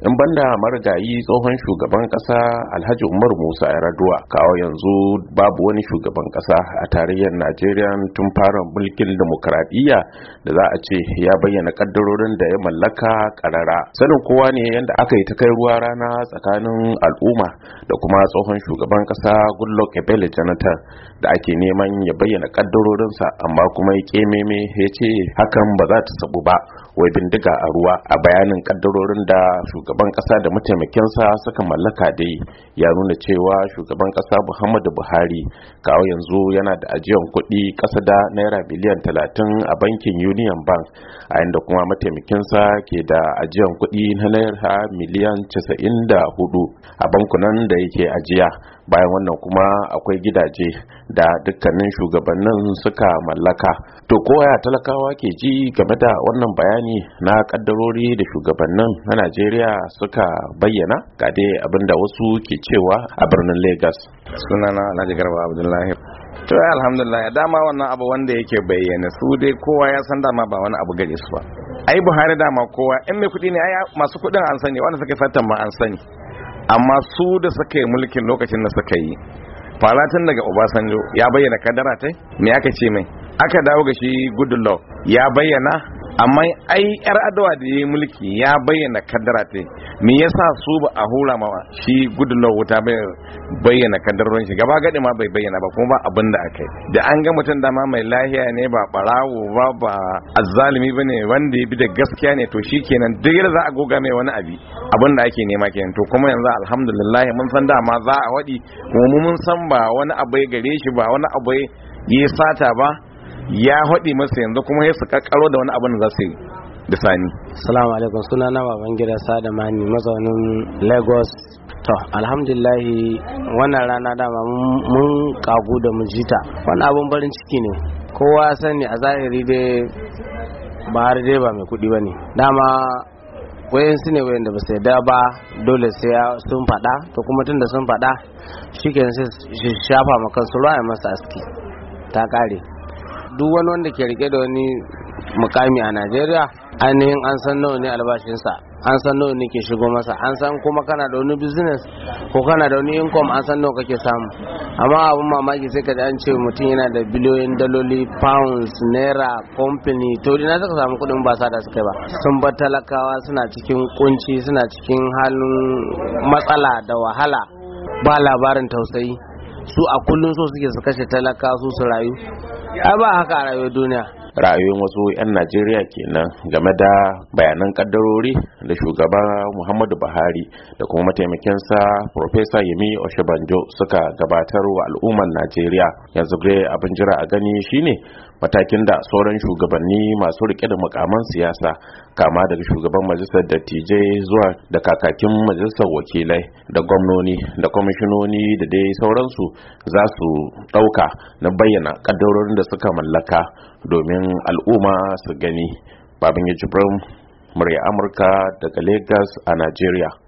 in banda marigayi tsohon shugaban kasa alhaji umar musa yaraduwa kawo yanzu babu wani shugaban kasa a tarihin najeriya tun fara mulkin demokradiyya da za a ce ya bayyana kaddarorin da ya mallaka karara sanin kowa ne yadda aka yi ta kai ruwa rana tsakanin al'umma da kuma tsohon shugaban kasa goodluck ebele jonathan da ake neman ya bayyana kaddarorinsa amma kuma ya kememe ya ce hakan ba za ta sabu ba wai bindiga a ruwa a bayanin kaddarorin da shugaban shugaban kasa da mataimakinsa suka mallaka dai ya nuna cewa shugaban kasa muhammadu buhari kawo yanzu yana da ajiyar kuɗi ƙasa da naira biliyan talatin a bankin union bank a inda kuma mataimakinsa ke da ajiyar kuɗi na naira miliyan casa'in da hudu a bankunan da yake ajiya bayan wannan kuma akwai gidaje da dukkanin shugabannin suka mallaka to koya talakawa ke ji game da wannan bayani na kaddarori da shugabannin na najeriya suka bayyana ga dai abinda wasu ke cewa a birnin lagos sunana alhaji garba abdullahi to alhamdulillah dama wannan abu wanda yake bayyana su dai kowa ya san dama ba wani abu gare su ba ai buhari dama kowa in mai kuɗi ne ai masu kuɗin an sani wanda suka fatan ma an sani amma su da suka yi mulkin lokacin da suka yi faratun daga obasanjo ya bayyana kadara ta me aka ce mai aka dawo ga shi goodluck ya bayyana amma ai yar adawa da yi mulki ya bayyana kaddara ta me yasa su ba a hura ma shi gudunlaw wuta bai bayyana kaddaron shi gaba gadi ma bai bayyana ba kuma ba abin da da an ga mutum dama mai lahiya ne ba barawo ba ba azzalimi bane wanda ya bi da gaskiya ne to shi kenan duk da za a goga mai wani abi abin da ake nema kenan to kuma yanzu alhamdulillah mun san dama za a wadi kuma mun san ba wani abai gare shi ba wani abai ya sata ba ya haɗe masa yanzu kuma ya su kakkaro da wani abin da za su yi da sani salamu alaikum suna na baban gida sada mani mazaunin lagos to alhamdulillahi wannan rana dama mun kagu da mujita wani abun barin ciki ne kowa sani a zahiri dai ba har dai ba mai kuɗi ba ne dama su ne wayanda ba sai yarda ba dole sai sun faɗa to kuma tunda sun faɗa shi sai shafa makansu ruwa ya masa aski ta ƙare duk wani wanda ke rike da wani mukami a najeriya ainihin an san nawa ne albashinsa an san nawa ne ke shigo masa an san kuma kana da wani business ko kana da wani income an san nawa kake samu amma abin mamaki sai ka an ce mutum yana da biliyoyin daloli pounds naira company to na suka samu kuɗin ba da suka ba sun bar talakawa suna cikin kunci suna cikin halin matsala da wahala ba labarin tausayi su a kullum so suke su kashe talaka su su rayu ai ba haka a rayuwar duniya ra'ayoyin wasu 'yan najeriya kenan game da bayanan kaddarori da shugaba muhammadu buhari da kuma mataimakin sa profesa yemi oshibanjo suka gabatar wa al'ummar najeriya yanzu dai abin jira a gani shine matakin da sauran shugabanni masu rike da mukaman siyasa kama daga shugaban majalisar dattijai zuwa da kakakin majalisar wakilai da gwamnoni da kwamishinoni da dai sauransu za su ɗauka na bayyana kaddarorin da suka mallaka domin al'umma su gani babin ya murya amurka daga lagos a nigeria